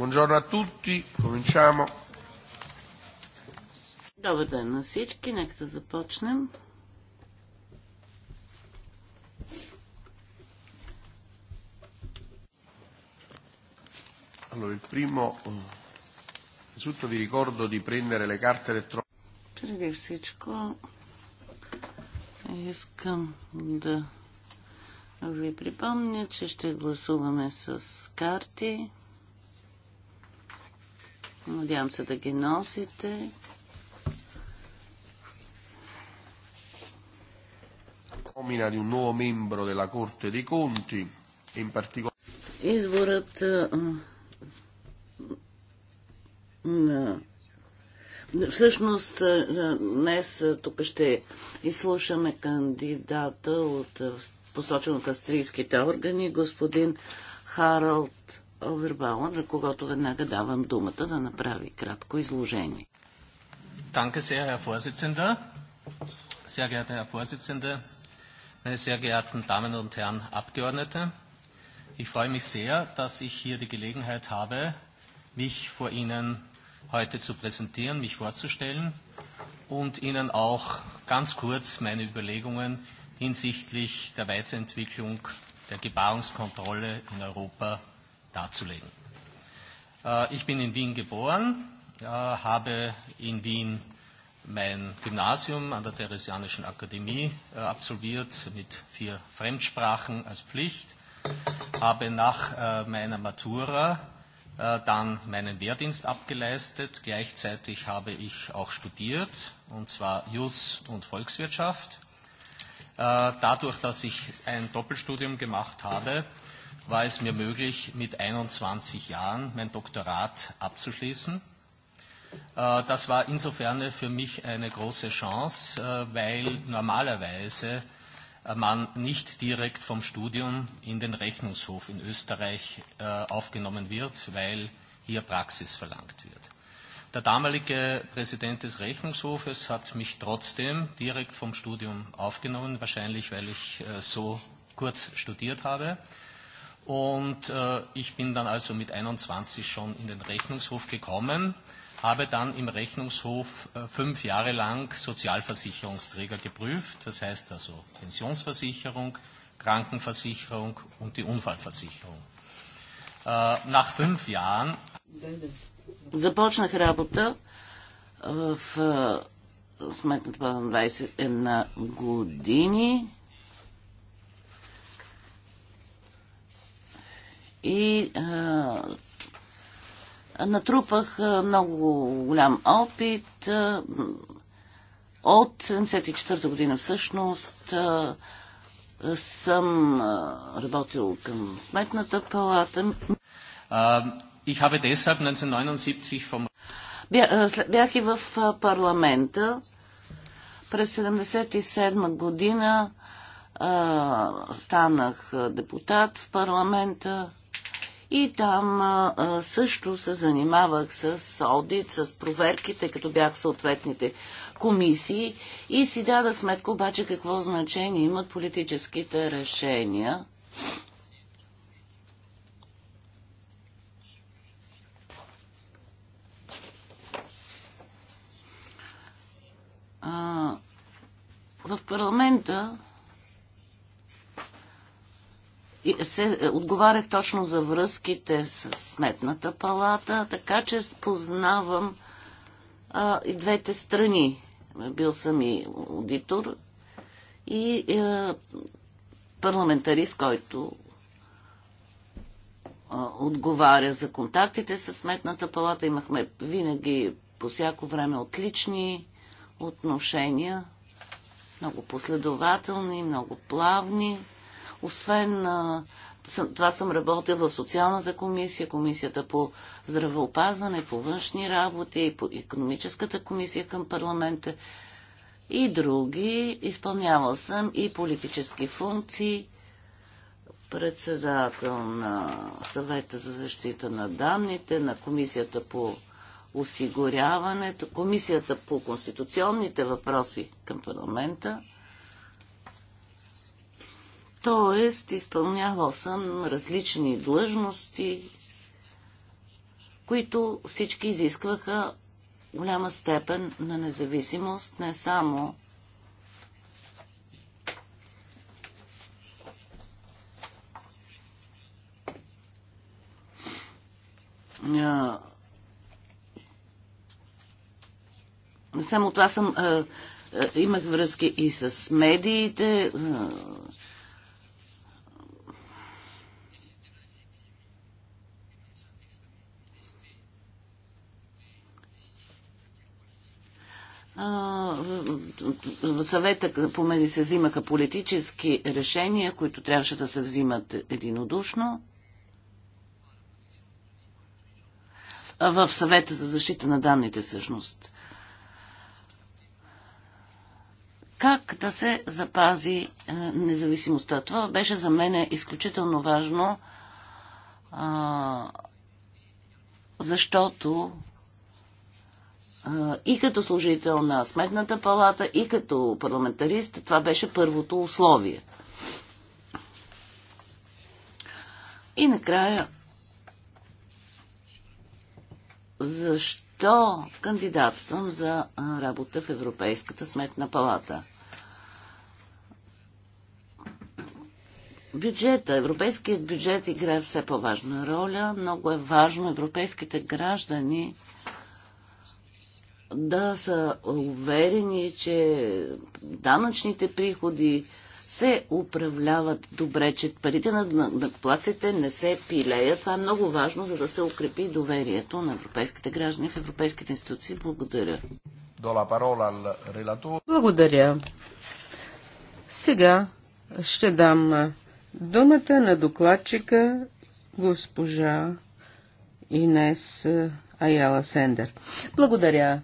Buongiorno a tutti, cominciamo. Добър ден на всички, нека да започнем. Allora, il primo, innanzitutto vi ricordo di prendere le carte elettroniche. Преди всичко искам да ви припомня, че ще гласуваме с карти. Надявам се да ги носите. Комина di un nuovo membro della Corte dei Conti e in particolare... Изборът на Всъщност, днес тук ще изслушаме кандидата от посочен от австрийските органи, господин Харалд Овербауър, на когото веднага давам думата да направи кратко изложение. Danke sehr, Herr Vorsitzender. Sehr geehrter Herr Vorsitzender, meine sehr geehrten Damen und Herren Abgeordnete, ich freue mich sehr, dass ich hier die Gelegenheit habe, mich vor Ihnen heute zu präsentieren, mich vorzustellen und Ihnen auch ganz kurz meine Überlegungen hinsichtlich der Weiterentwicklung der Gebarungskontrolle in Europa darzulegen. Ich bin in Wien geboren, habe in Wien mein Gymnasium an der Theresianischen Akademie absolviert mit vier Fremdsprachen als Pflicht, habe nach meiner Matura dann meinen Wehrdienst abgeleistet. Gleichzeitig habe ich auch studiert, und zwar Jus und Volkswirtschaft. Dadurch, dass ich ein Doppelstudium gemacht habe, war es mir möglich, mit 21 Jahren mein Doktorat abzuschließen. Das war insofern für mich eine große Chance, weil normalerweise man nicht direkt vom Studium in den Rechnungshof in Österreich aufgenommen wird, weil hier Praxis verlangt wird. Der damalige Präsident des Rechnungshofes hat mich trotzdem direkt vom Studium aufgenommen, wahrscheinlich weil ich so kurz studiert habe. Und äh, ich bin dann also mit 21 schon in den Rechnungshof gekommen, habe dann im Rechnungshof äh, fünf Jahre lang Sozialversicherungsträger geprüft, das heißt also Pensionsversicherung, Krankenversicherung und die Unfallversicherung. Äh, nach fünf Jahren Започнах работа в сметната на 21 години и а, натрупах много голям опит. От 74-та година всъщност съм работил към сметната палата. Ich habe deshalb 1979 vom... Бях и в парламента. През 77 година станах депутат в парламента и там а, също се занимавах с аудит, с проверките, като бях в съответните комисии и си дадах сметка обаче какво значение имат политическите решения. А, в парламента и се, е, отговарях точно за връзките с Сметната палата, така че познавам а, и двете страни. Бил съм и аудитор и а, е, парламентарист, който а, отговаря за контактите с Сметната палата. Имахме винаги по всяко време отлични отношения, много последователни, много плавни. Освен това съм работила в социалната комисия, комисията по здравеопазване, по външни работи, по економическата комисия към парламента и други. Изпълнявал съм и политически функции, председател на съвета за защита на данните, на комисията по осигуряването, комисията по конституционните въпроси към парламента – Тоест, изпълнявал съм различни длъжности, които всички изискваха голяма степен на независимост, не само Само това съм. Имах връзки и с медиите, в съвета по меди се взимаха политически решения, които трябваше да се взимат единодушно. В съвета за защита на данните, всъщност. Как да се запази е, независимостта? Това беше за мен изключително важно, защото и като служител на Сметната палата, и като парламентарист. Това беше първото условие. И накрая, защо кандидатствам за работа в Европейската Сметна палата? Бюджета, европейският бюджет играе все по-важна роля. Много е важно европейските граждани да са уверени, че данъчните приходи се управляват добре, че парите на накоплаците не се пилеят. Това е много важно, за да се укрепи доверието на европейските граждани в европейските институции. Благодаря. Благодаря. Сега ще дам думата на докладчика госпожа Инес Аяла Сендер. Благодаря.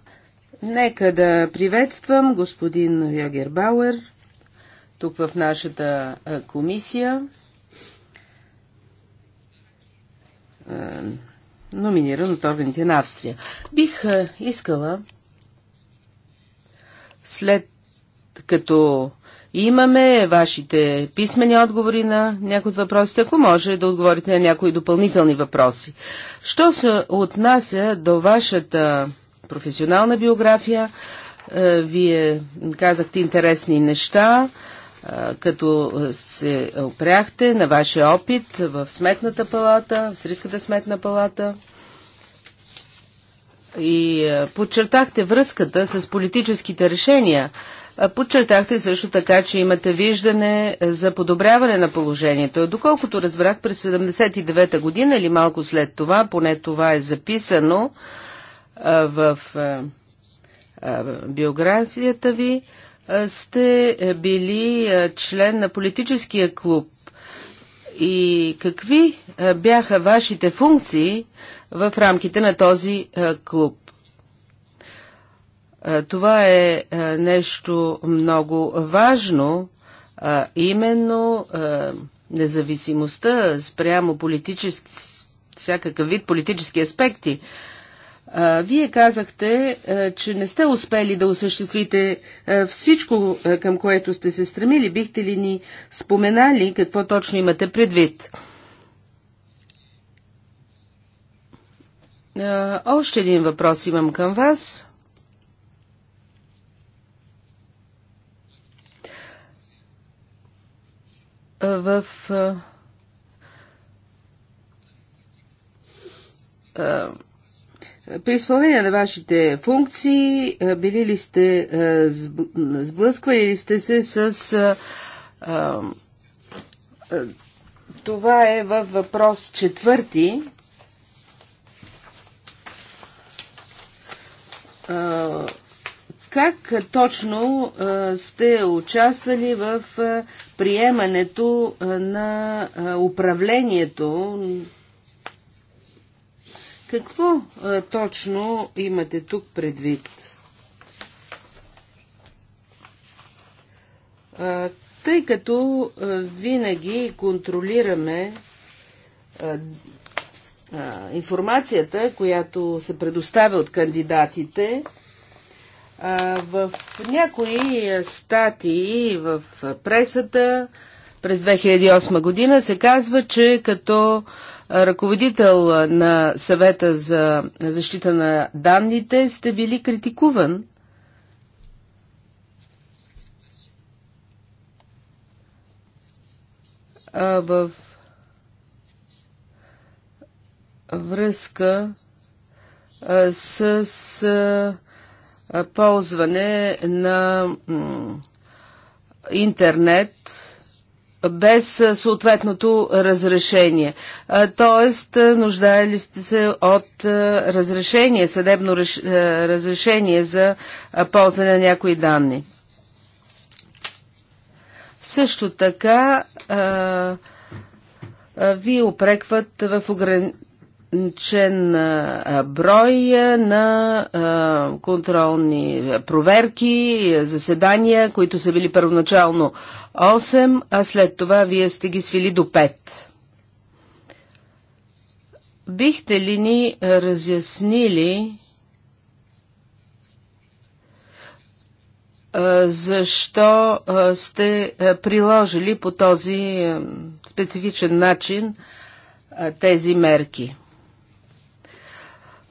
Нека да приветствам господин Йогер Бауер тук в нашата комисия. номиниран от органите на Австрия. Бих искала, след като имаме вашите писмени отговори на някои от въпросите, ако може да отговорите на някои допълнителни въпроси. Що се отнася до вашата професионална биография. Е, вие казахте интересни неща, е, като се опряхте на вашия опит в Сметната палата, в Сриската Сметна палата и е, подчертахте връзката с политическите решения. Подчертахте също така, че имате виждане за подобряване на положението. Доколкото разбрах, през 79-та година или малко след това, поне това е записано, в биографията ви сте били член на политическия клуб и какви бяха вашите функции в рамките на този клуб? Това е нещо много важно, именно независимостта спрямо политически, всякакъв вид политически аспекти вие казахте, че не сте успели да осъществите всичко, към което сте се стремили. Бихте ли ни споменали какво точно имате предвид? Още един въпрос имам към вас. В Uh при изпълнение на вашите функции, били ли сте, сблъсквали ли сте се с... Това е във въпрос четвърти. Как точно сте участвали в приемането на управлението какво а, точно имате тук предвид? А, тъй като а, винаги контролираме а, а, информацията, която се предоставя от кандидатите, а, в някои статии в пресата, а, през 2008 година се казва, че като ръководител на съвета за защита на данните сте били критикуван в връзка с ползване на интернет без съответното разрешение. Тоест, нуждае ли сте се от разрешение, съдебно разрешение за ползване на някои данни? Също така, ви опрекват в ограничението ограничен брой на контролни проверки, заседания, които са били първоначално 8, а след това вие сте ги свили до 5. Бихте ли ни разяснили защо сте приложили по този специфичен начин тези мерки?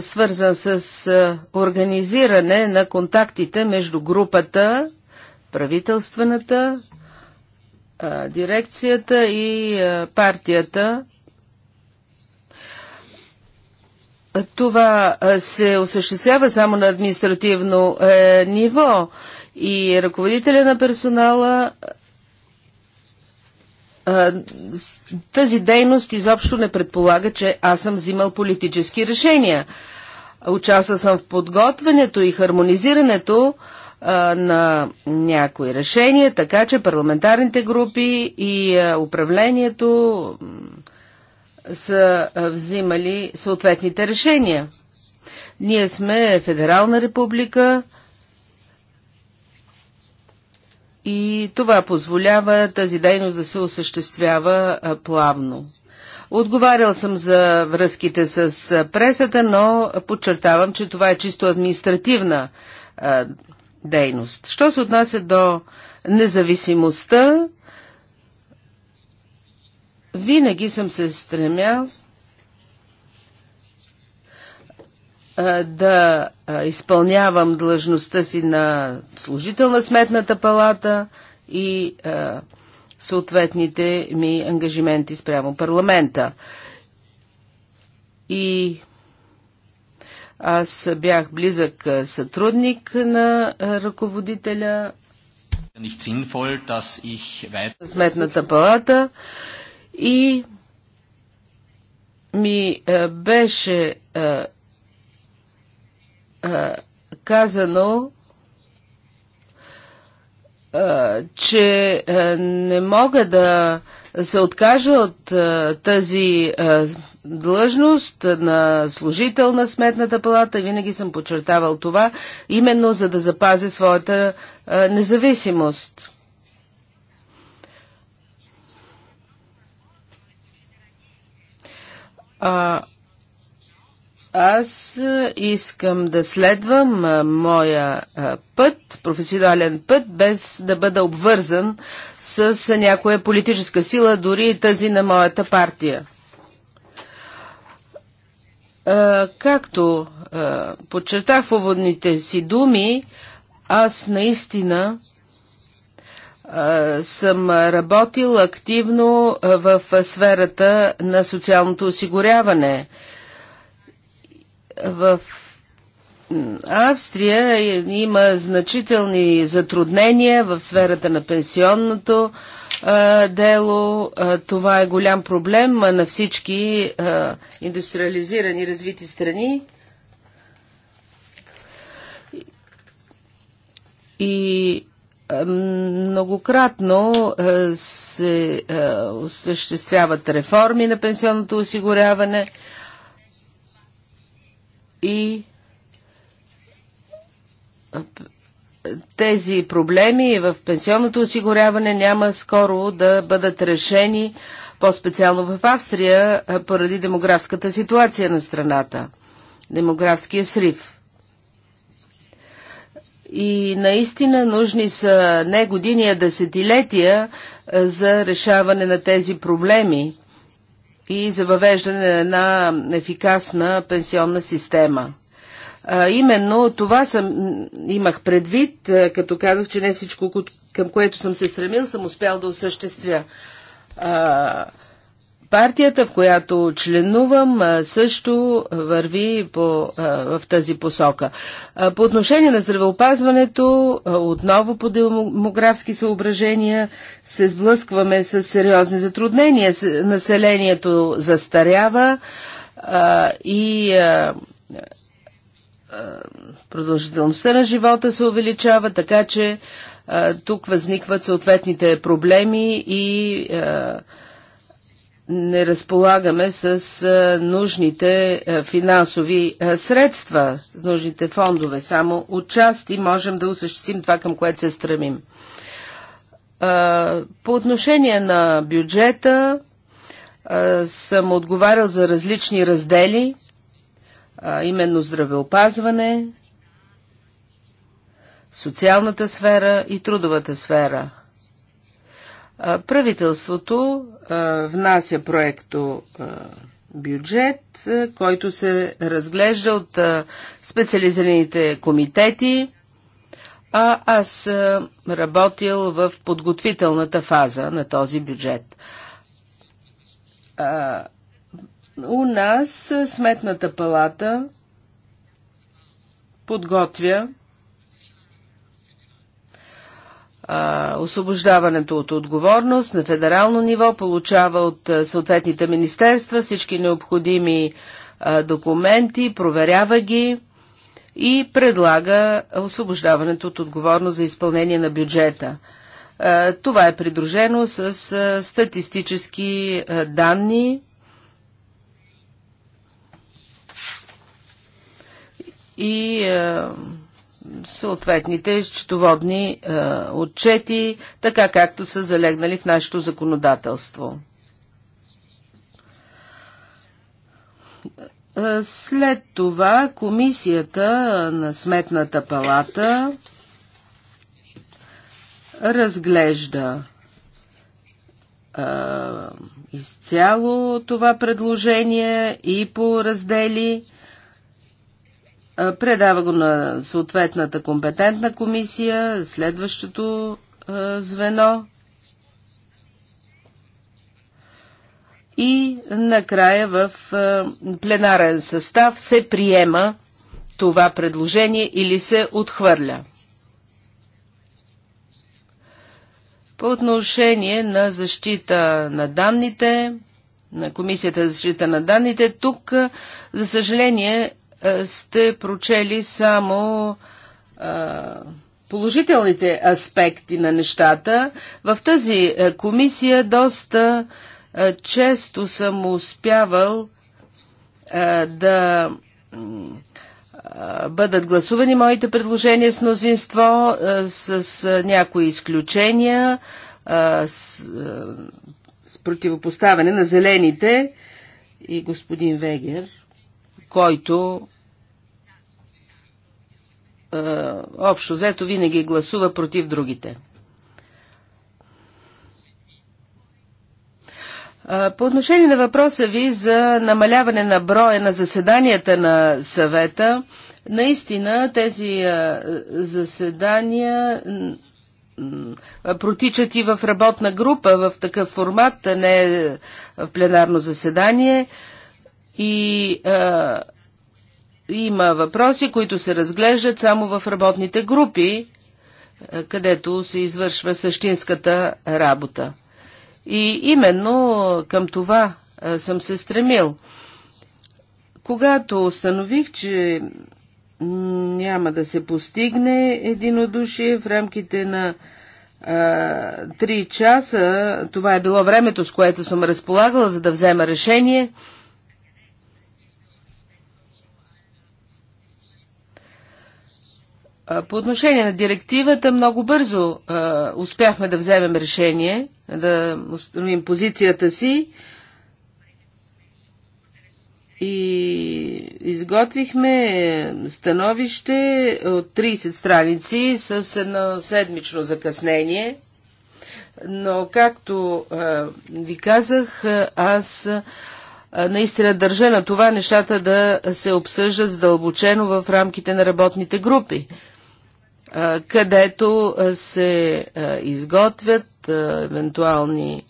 свързан с организиране на контактите между групата, правителствената, дирекцията и партията. Това се осъществява само на административно е, ниво и ръководителя на персонала тази дейност изобщо не предполага, че аз съм взимал политически решения. Участвал съм в подготвянето и хармонизирането на някои решения, така че парламентарните групи и управлението са взимали съответните решения. Ние сме Федерална република, и това позволява тази дейност да се осъществява плавно. Отговарял съм за връзките с пресата, но подчертавам, че това е чисто административна дейност. Що се отнася до независимостта, винаги съм се стремял да изпълнявам длъжността си на служител на Сметната палата и съответните ми ангажименти спрямо парламента. И аз бях близък сътрудник на ръководителя на Сметната палата и ми беше е, казано, е, че е, не мога да се откажа от тази длъжност на служител на Сметната палата. Винаги съм подчертавал това, именно за да запазя своята независимост. А, аз искам да следвам моя път, професионален път, без да бъда обвързан с някоя политическа сила, дори и тази на моята партия. Както подчертах в уводните си думи, аз наистина съм работил активно в сферата на социалното осигуряване – в Австрия има значителни затруднения в сферата на пенсионното дело. Това е голям проблем на всички индустриализирани развити страни. И многократно се осъществяват реформи на пенсионното осигуряване – и тези проблеми в пенсионното осигуряване няма скоро да бъдат решени, по-специално в Австрия, поради демографската ситуация на страната, демографския срив. И наистина нужни са не години, а десетилетия за решаване на тези проблеми и за въвеждане на ефикасна пенсионна система. А, именно това съм, имах предвид, като казах, че не всичко, към което съм се стремил, съм успял да осъществя. А, Партията, в която членувам, също върви по, в тази посока. По отношение на здравеопазването, отново по демографски съображения, се сблъскваме с сериозни затруднения. Населението застарява и продължителността на живота се увеличава, така че тук възникват съответните проблеми и не разполагаме с нужните финансови средства, с нужните фондове. Само отчасти можем да осъществим това, към което се стремим. По отношение на бюджета съм отговарял за различни раздели, именно здравеопазване, социалната сфера и трудовата сфера – Правителството внася проекто бюджет, който се разглежда от специализираните комитети, а аз работил в подготвителната фаза на този бюджет. у нас Сметната палата подготвя освобождаването от отговорност на федерално ниво, получава от съответните министерства всички необходими документи, проверява ги и предлага освобождаването от отговорност за изпълнение на бюджета. Това е придружено с статистически данни. И съответните счетоводни е, отчети, така както са залегнали в нашето законодателство. Е, след това комисията на Сметната палата разглежда е, изцяло това предложение и по раздели Предава го на съответната компетентна комисия, следващото звено и накрая в пленарен състав се приема това предложение или се отхвърля. По отношение на защита на данните, на Комисията за защита на данните, тук, за съжаление, е, сте прочели само е, положителните аспекти на нещата. В тази е, комисия доста често съм успявал да бъдат гласувани моите предложения с мнозинство, с някои изключения, с противопоставяне на зелените и господин Вегер, който е, общо взето винаги гласува против другите. Е, по отношение на въпроса ви за намаляване на броя на заседанията на съвета, наистина тези е, заседания протичат и в работна група, в такъв формат, а не в пленарно заседание. И а, има въпроси, които се разглеждат само в работните групи, е, където се извършва същинската работа. И именно към това е, съм се стремил. Когато установих, че няма да се постигне единодушие в рамките на е, три часа, това е било времето, с което съм разполагала, за да взема решение, По отношение на директивата, много бързо а, успяхме да вземем решение, да установим позицията си и изготвихме становище от 30 страници с едно седмично закъснение. Но, както а, ви казах, аз а, наистина държа на това нещата да се обсъждат задълбочено в рамките на работните групи където се изготвят евентуални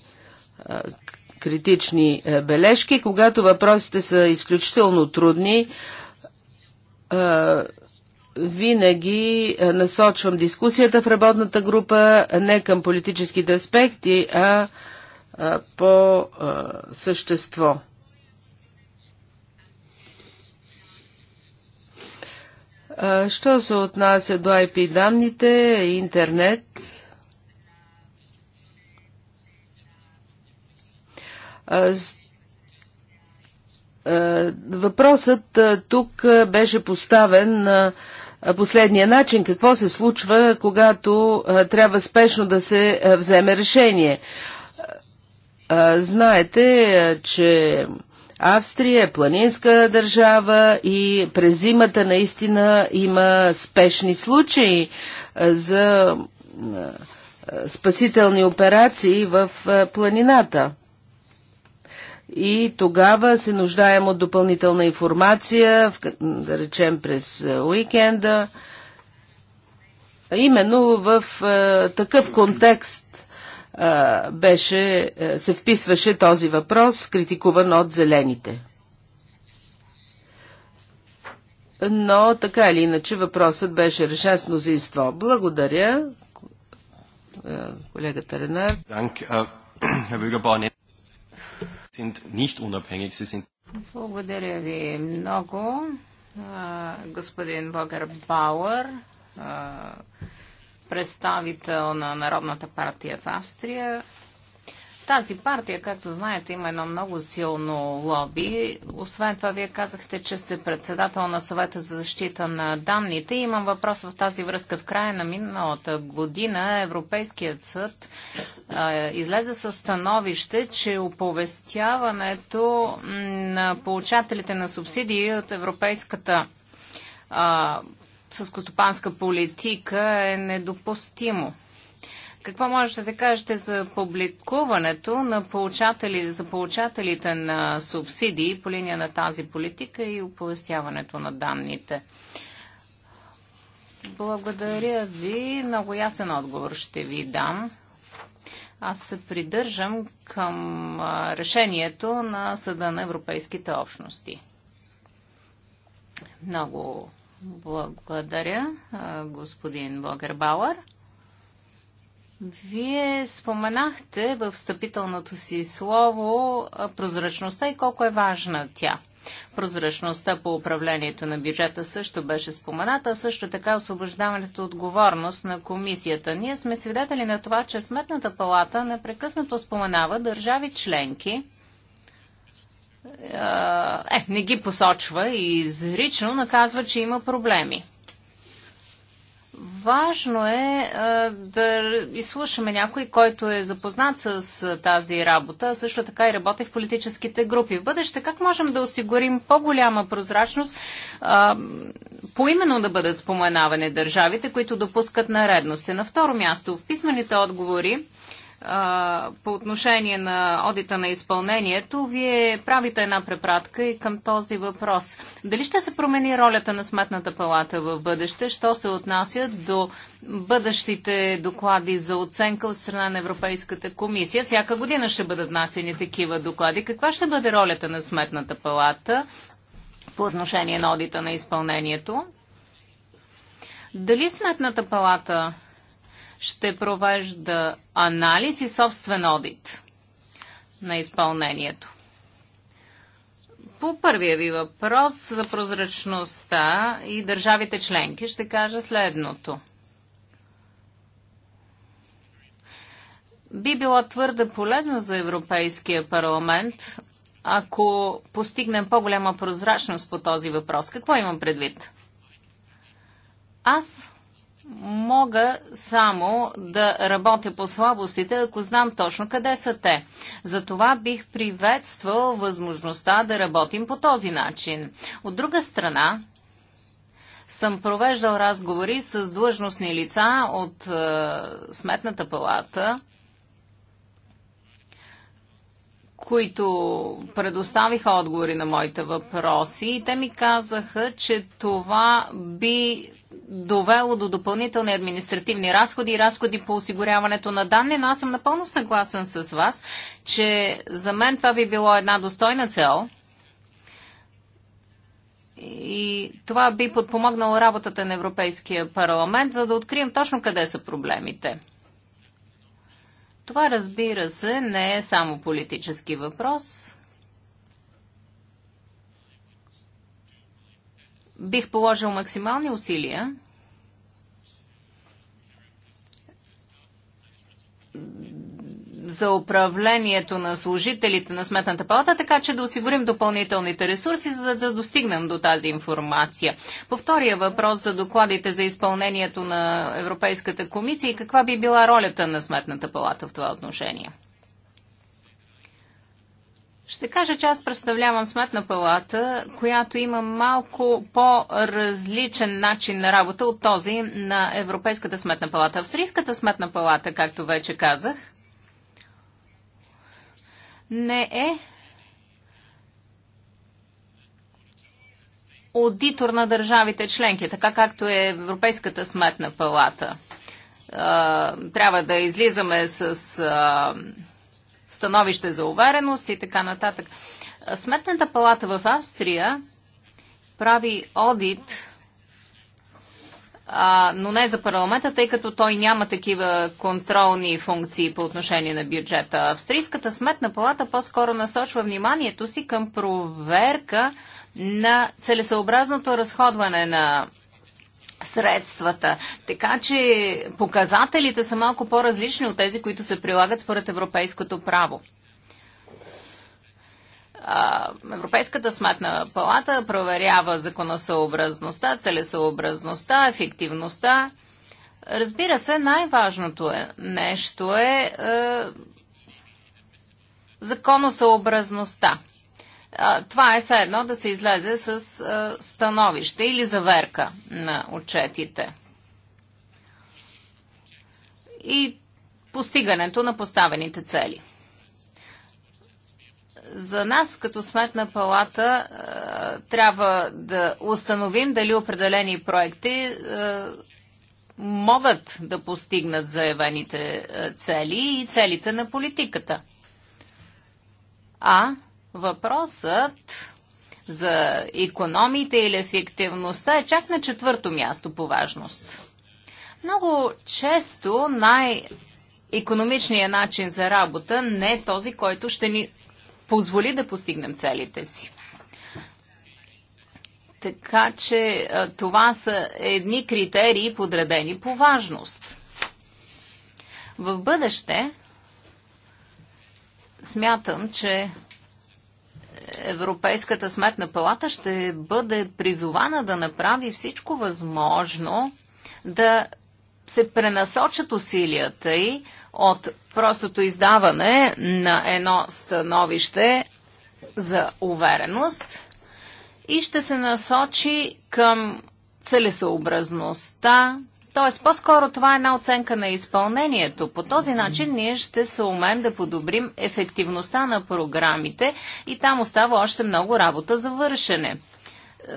критични бележки. Когато въпросите са изключително трудни, винаги насочвам дискусията в работната група не към политическите аспекти, а по същество. Що се отнася до IP данните, интернет, Въпросът тук беше поставен на последния начин. Какво се случва, когато трябва спешно да се вземе решение? Знаете, че Австрия е планинска държава и през зимата наистина има спешни случаи за спасителни операции в планината. И тогава се нуждаем от допълнителна информация, да речем през уикенда. Именно в такъв контекст беше, се вписваше този въпрос, критикуван от зелените. Но така или иначе въпросът беше решен с мнозинство. Благодаря, колегата Ренар. Благодаря ви много, господин Богер Бауър представител на Народната партия в Австрия. Тази партия, както знаете, има едно много силно лоби. Освен това, вие казахте, че сте председател на съвета за защита на данните. Имам въпрос в тази връзка. В края на миналата година Европейският съд а, излезе със становище, че оповестяването на получателите на субсидии от Европейската съскостопанска политика е недопустимо. Какво можете да кажете за публикуването на получатели, за получателите на субсидии по линия на тази политика и оповестяването на данните? Благодаря ви. Много ясен отговор ще ви дам. Аз се придържам към решението на Съда на Европейските общности. Много благодаря, господин Богербауър. Вие споменахте в встъпителното си слово прозрачността и колко е важна тя. Прозрачността по управлението на бюджета също беше спомената, а също така освобождаването отговорност на комисията. Ние сме свидетели на това, че Сметната палата непрекъснато споменава държави членки, е, не ги посочва и изрично наказва, че има проблеми. Важно е, е да изслушаме някой, който е запознат с тази работа, също така и работи в политическите групи. В бъдеще как можем да осигурим по-голяма прозрачност, е, поименно да бъдат споменавани държавите, които допускат наредности? На второ място, в писмените отговори по отношение на одита на изпълнението, вие правите една препратка и към този въпрос. Дали ще се промени ролята на Сметната палата в бъдеще, що се отнася до бъдещите доклади за оценка от страна на Европейската комисия? Всяка година ще бъдат внасени такива доклади. Каква ще бъде ролята на Сметната палата по отношение на одита на изпълнението? Дали Сметната палата ще провежда анализ и собствен одит на изпълнението. По първия ви въпрос за прозрачността и държавите членки ще кажа следното. Би било твърде полезно за Европейския парламент, ако постигнем по-голяма прозрачност по този въпрос. Какво имам предвид? Аз мога само да работя по слабостите, ако знам точно къде са те. Затова бих приветствал възможността да работим по този начин. От друга страна, съм провеждал разговори с длъжностни лица от е, Сметната палата, които предоставиха отговори на моите въпроси и те ми казаха, че това би довело до допълнителни административни разходи и разходи по осигуряването на данни, но аз съм напълно съгласен с вас, че за мен това би било една достойна цел и това би подпомогнало работата на Европейския парламент, за да открием точно къде са проблемите. Това, разбира се, не е само политически въпрос. бих положил максимални усилия за управлението на служителите на Сметната палата, така че да осигурим допълнителните ресурси, за да достигнем до тази информация. По втория въпрос за докладите за изпълнението на Европейската комисия и каква би била ролята на Сметната палата в това отношение? Ще кажа, че аз представлявам сметна палата, която има малко по-различен начин на работа от този на Европейската сметна палата. Австрийската сметна палата, както вече казах, не е аудитор на държавите членки, така както е Европейската сметна палата. Трябва да излизаме с становище за увереност и така нататък. Сметната палата в Австрия прави одит, а, но не за парламента, тъй като той няма такива контролни функции по отношение на бюджета. Австрийската сметна палата по-скоро насочва вниманието си към проверка на целесъобразното разходване на средствата. Така че показателите са малко по-различни от тези, които се прилагат според европейското право. Европейската сметна палата проверява законосъобразността, целесъобразността, ефективността. Разбира се, най-важното е, нещо е, е законосъобразността това е все едно да се излезе с становище или заверка на отчетите. И постигането на поставените цели. За нас като сметна палата трябва да установим дали определени проекти могат да постигнат заявените цели и целите на политиката. А Въпросът за економите или ефективността е чак на четвърто място по важност. Много често най-економичният начин за работа не е този, който ще ни позволи да постигнем целите си. Така че това са едни критерии, подредени по важност. В бъдеще смятам, че Европейската сметна палата ще бъде призована да направи всичко възможно да се пренасочат усилията й от простото издаване на едно становище за увереност и ще се насочи към целесообразността, Тоест, по-скоро това е една оценка на изпълнението. По този начин ние ще се умеем да подобрим ефективността на програмите и там остава още много работа за вършене. Е,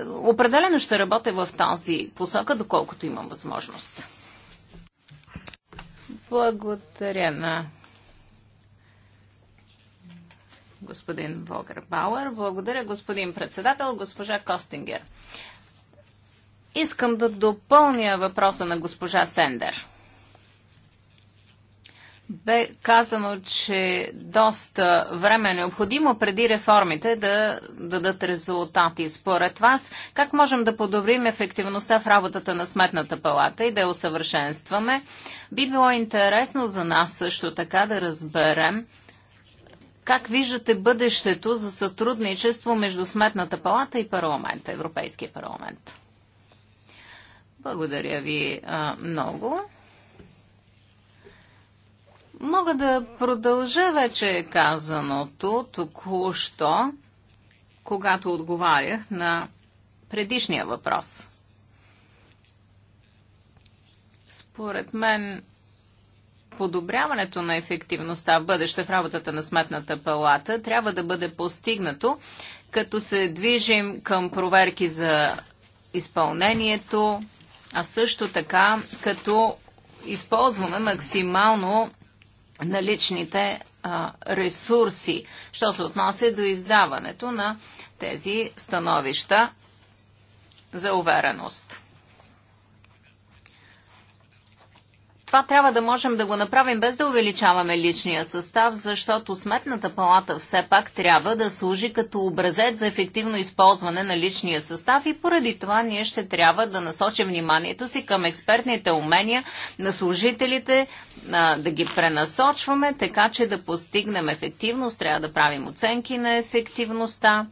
определено ще работя в тази посока, доколкото имам възможност. Благодаря на господин Вогър Бауер. Благодаря, господин председател, госпожа Костингер. Искам да допълня въпроса на госпожа Сендер. Бе казано, че доста време е необходимо преди реформите да дадат резултати. Според вас, как можем да подобрим ефективността в работата на Сметната палата и да я усъвършенстваме? Би било интересно за нас също така да разберем как виждате бъдещето за сътрудничество между Сметната палата и парламента, Европейския парламент. Благодаря ви а, много. Мога да продължа вече казаното току-що, когато отговарях на предишния въпрос. Според мен, подобряването на ефективността в бъдеще в работата на Сметната палата трябва да бъде постигнато, като се движим към проверки за изпълнението, а също така като използваме максимално наличните а, ресурси, що се отнася до издаването на тези становища за увереност. това трябва да можем да го направим без да увеличаваме личния състав, защото сметната палата все пак трябва да служи като образец за ефективно използване на личния състав и поради това ние ще трябва да насочим вниманието си към експертните умения на служителите, да ги пренасочваме, така че да постигнем ефективност, трябва да правим оценки на ефективността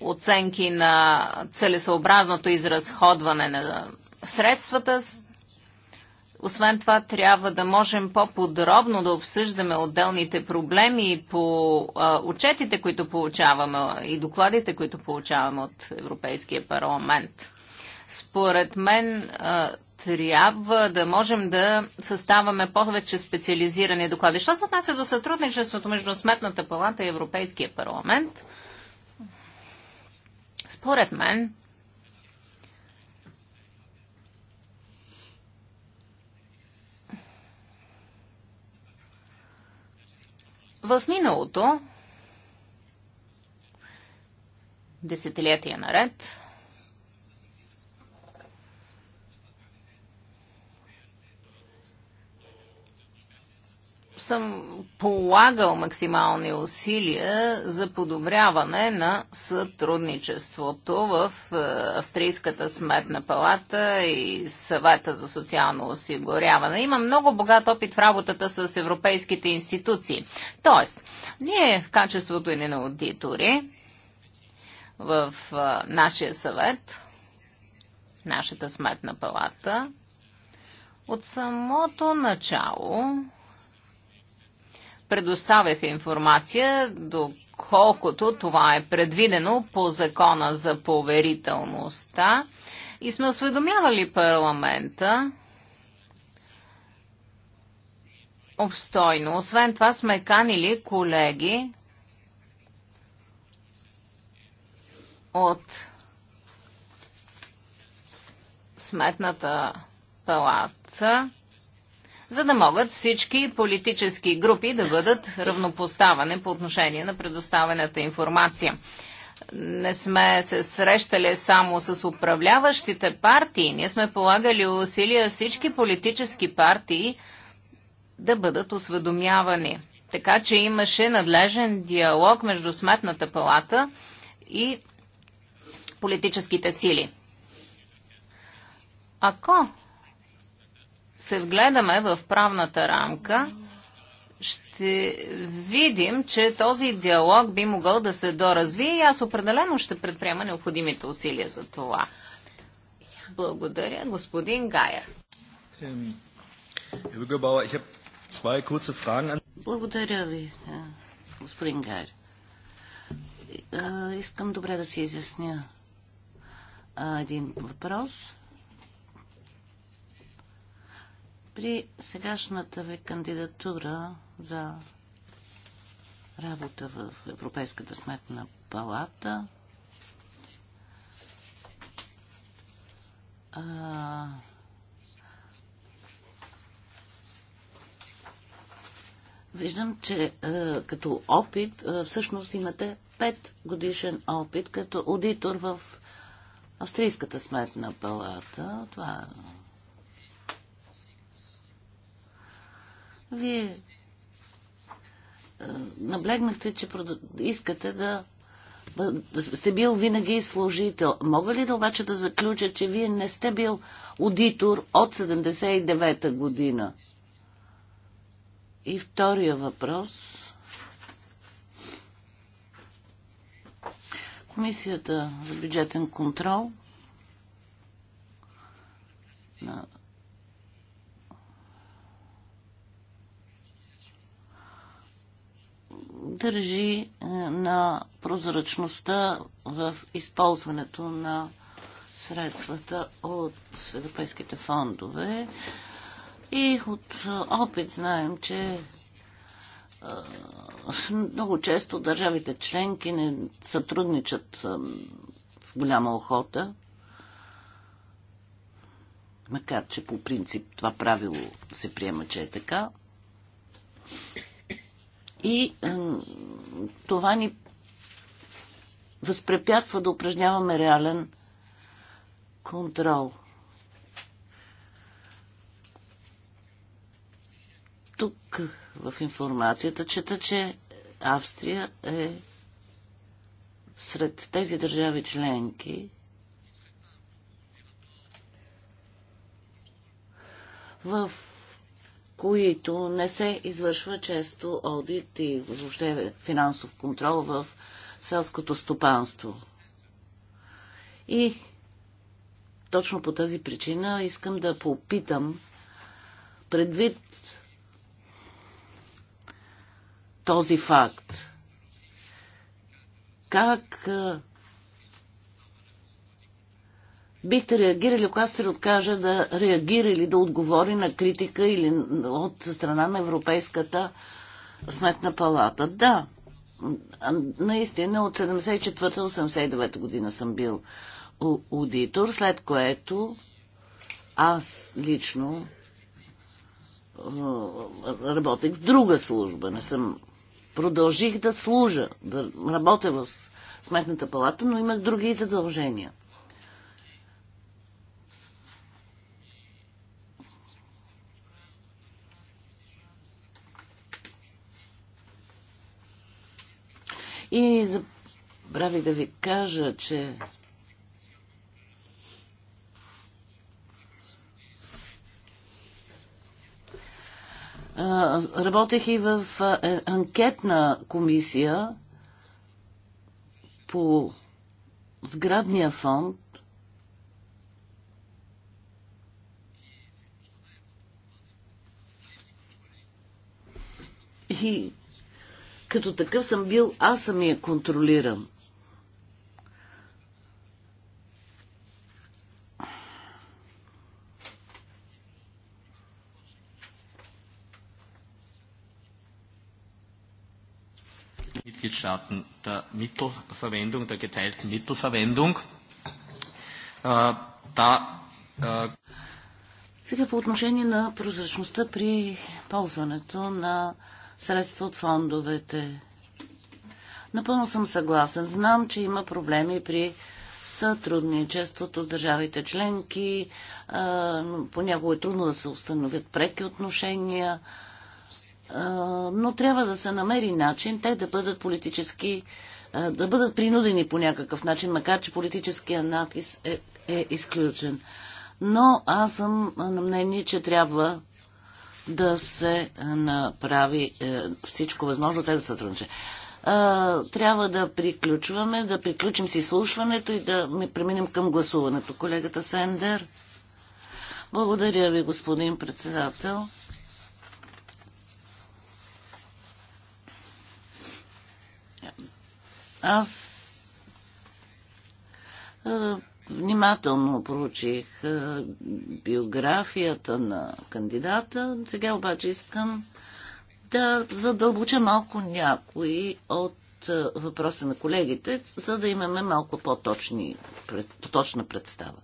оценки на целесообразното изразходване на средствата, освен това, трябва да можем по-подробно да обсъждаме отделните проблеми по а, отчетите, които получаваме и докладите, които получаваме от Европейския парламент. Според мен, а, трябва да можем да съставаме повече специализирани доклади. Що се отнася до сътрудничеството между Сметната палата и Европейския парламент? Според мен, В миналото, десетилетия наред, съм полагал максимални усилия за подобряване на сътрудничеството в е, Австрийската сметна палата и съвета за социално осигуряване. Има много богат опит в работата с европейските институции. Тоест, ние в качеството или на аудитори в е, нашия съвет, нашата сметна палата, от самото начало предоставяха информация, доколкото това е предвидено по закона за поверителността и сме осведомявали парламента обстойно. Освен това сме канили колеги от Сметната палата за да могат всички политически групи да бъдат равнопоставани по отношение на предоставената информация. Не сме се срещали само с управляващите партии, ние сме полагали усилия всички политически партии да бъдат осведомявани. Така че имаше надлежен диалог между Сметната палата и политическите сили. Ако се вгледаме в правната рамка, ще видим, че този диалог би могъл да се доразвие и аз определено ще предприема необходимите усилия за това. Благодаря, господин Гайер. Благодаря ви, е, господин Гайер. Е, е, искам добре да си изясня един въпрос. При сегашната ви кандидатура за работа в Европейската сметна палата, а, Виждам, че като опит, всъщност имате 5 годишен опит като аудитор в Австрийската сметна палата. Това е Вие е, наблегнахте, че искате да сте бил винаги служител. Мога ли да обаче да заключа, че вие не сте бил аудитор от 79-та година? И втория въпрос. Комисията за бюджетен контрол на държи е, на прозрачността в използването на средствата от европейските фондове. И от е, опит знаем, че е, много често държавите членки не сътрудничат с голяма охота, макар че по принцип това правило се приема, че е така. И това ни възпрепятства да упражняваме реален контрол. Тук в информацията чета, че Австрия е сред тези държави членки, в които не се извършва често одит и въобще финансов контрол в селското стопанство. И точно по тази причина искам да попитам, предвид този факт, как бихте реагирали, ако аз се откажа да реагира или да отговори на критика или от страна на Европейската сметна палата? Да, наистина от 74-89 година съм бил аудитор, след което аз лично работех в друга служба. Не съм... Продължих да служа, да работя в Сметната палата, но имах други задължения – И забравих да ви кажа, че работех и в е, анкетна комисия по сградния фонд. И като такъв съм бил, аз съм я контролирам. Mitgliedstaaten der Mittelverwendung, der geteilten Mittelverwendung. Äh, da, äh Сега по отношение на прозрачността при ползването на средства от фондовете. Напълно съм съгласен. Знам, че има проблеми при сътрудничеството с държавите членки. Понякога е трудно да се установят преки отношения, но трябва да се намери начин те да бъдат политически, да бъдат принудени по някакъв начин, макар че политическия натиск е, е изключен. Но аз съм на мнение, че трябва да се е, направи е, всичко възможно те да сътрудничат. Е, трябва да приключваме, да приключим с изслушването и да ми преминем към гласуването. Колегата Сендер. Благодаря ви, господин председател. Аз Внимателно проучих е, биографията на кандидата. Сега обаче искам да задълбоча малко някои от е, въпроса на колегите, за да имаме малко по-точни, точна представа.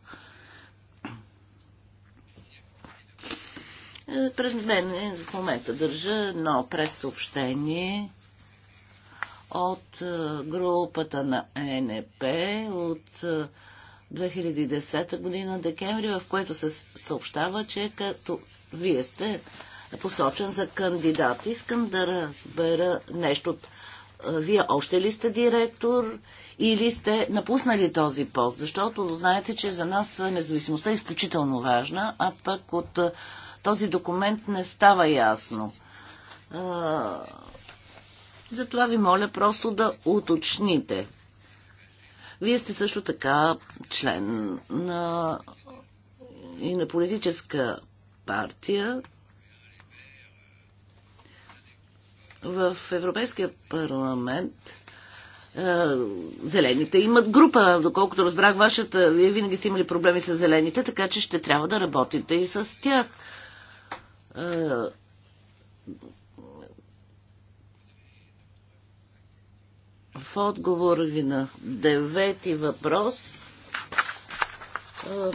Е, пред мен в момента държа едно пресъобщение от групата на ЕНП, от 2010 година декември, в което се съобщава, че като вие сте посочен за кандидат. Искам да разбера нещо. Вие още ли сте директор или сте напуснали този пост? Защото знаете, че за нас независимостта е изключително важна, а пък от този документ не става ясно. Затова ви моля просто да уточните. Вие сте също така член на и на политическа партия. В Европейския парламент е, зелените имат група. Доколкото разбрах вашата, вие винаги сте имали проблеми с зелените, така че ще трябва да работите и с тях. Е, В отговор ви на девети въпрос,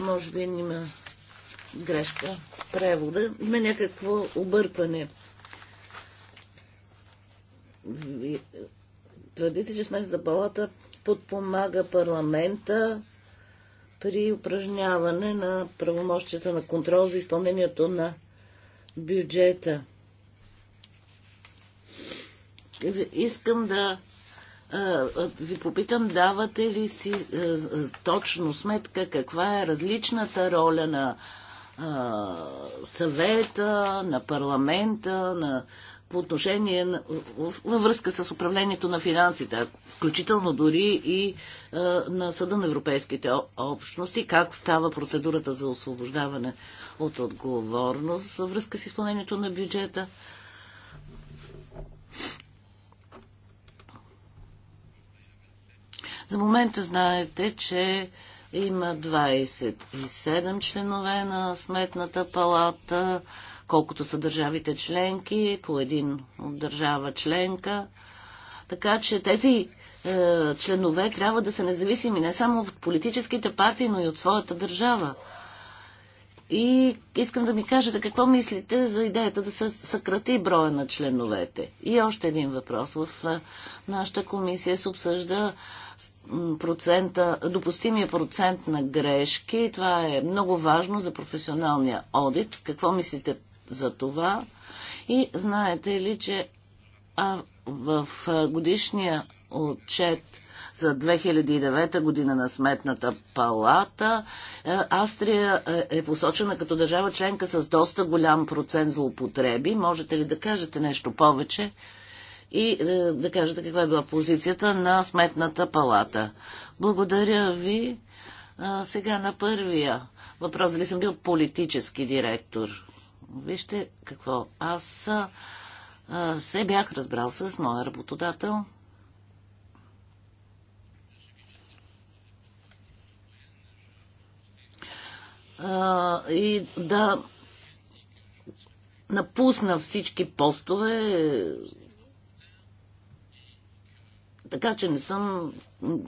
може би има грешка в превода, има някакво объркване. Твърдите, че сметната палата подпомага парламента при упражняване на правомощията на контрол за изпълнението на бюджета. Искам да е, е, ви попитам, давате ли си е, точно сметка каква е различната роля на съвета, на парламента, на, по отношение на, във връзка с управлението на финансите, включително дори и на Съда на Европейските общности, как става процедурата за освобождаване от отговорност във връзка с изпълнението на бюджета. За момента знаете, че има 27 членове на Сметната палата, колкото са държавите членки, по един от държава членка. Така че тези е, членове трябва да са независими не само от политическите партии, но и от своята държава. И искам да ми кажете какво мислите за идеята да се съкрати броя на членовете. И още един въпрос. В е, нашата комисия се обсъжда процента, допустимия процент на грешки. Това е много важно за професионалния одит. Какво мислите за това? И знаете ли, че а, в годишния отчет за 2009 година на Сметната палата. Е, Австрия е, е посочена като държава членка с доста голям процент злоупотреби. Можете ли да кажете нещо повече и е, да кажете каква е била позицията на Сметната палата. Благодаря ви. А, сега на първия въпрос, дали съм бил политически директор. Вижте какво. Аз а, се бях разбрал с моя работодател. и да напусна всички постове, така че не съм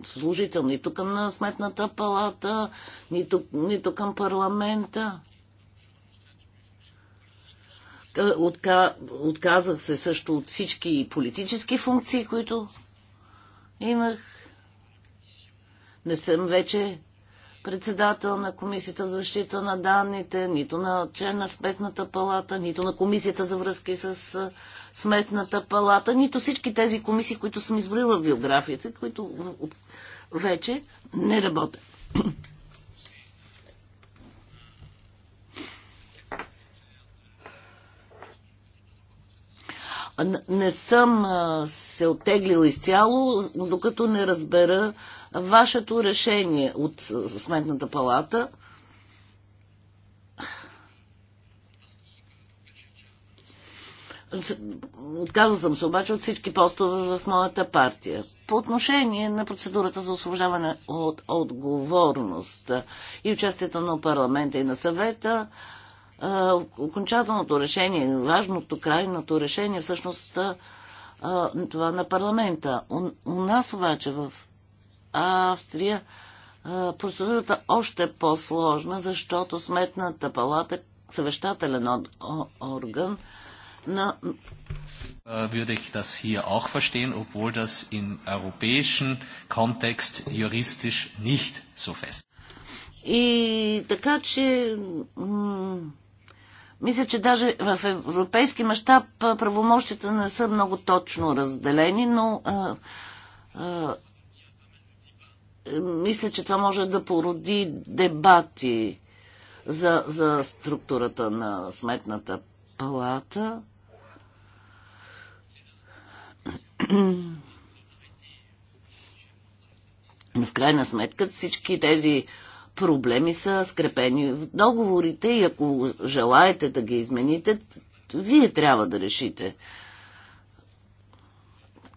служител нито към Сметната палата, нито, нито към парламента. Отка... Отказах се също от всички политически функции, които имах. Не съм вече председател на Комисията за защита на данните, нито на член на Сметната палата, нито на Комисията за връзки с Сметната палата, нито всички тези комисии, които съм изброила в биографията, които вече не работят. не съм се оттеглила изцяло, докато не разбера вашето решение от Сметната палата. Отказа съм се обаче от всички постове в моята партия. По отношение на процедурата за освобождаване от отговорност и участието на парламента и на съвета, окончателното решение, важното, крайното решение всъщност а, това на парламента. У, у нас обаче в Австрия а, процедурата още е по-сложна, защото сметната палата, съвещателен орган, на äh, würde ich das hier auch verstehen, obwohl das im europäischen Kontext juristisch nicht so fest. И така че мисля, че даже в европейски мащаб правомощите не са много точно разделени, но а, а, е, мисля, че това може да породи дебати за, за структурата на сметната палата. Но в крайна сметка всички тези проблеми са скрепени в договорите и ако желаете да ги измените, вие трябва да решите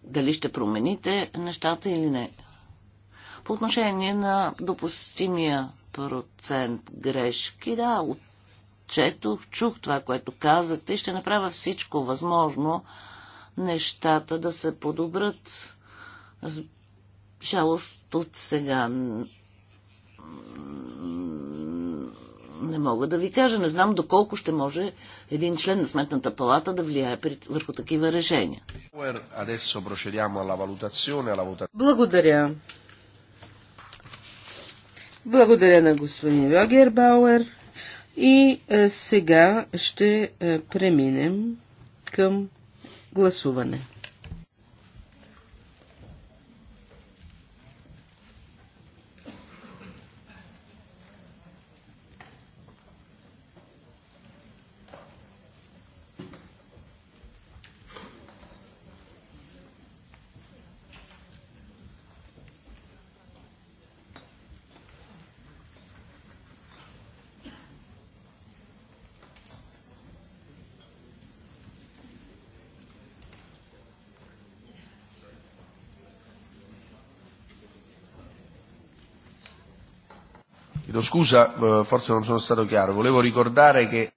дали ще промените нещата или не. По отношение на допустимия процент грешки, да, отчетох, чух това, което казахте и ще направя всичко възможно нещата да се подобрат. Жалост от сега не мога да ви кажа. Не знам доколко ще може един член на Сметната палата да влияе върху такива решения. Благодаря. Благодаря на господин Йогер Бауер. И е, сега ще е, преминем към гласуване. Chiedo scusa, forse non sono stato chiaro. Volevo ricordare che...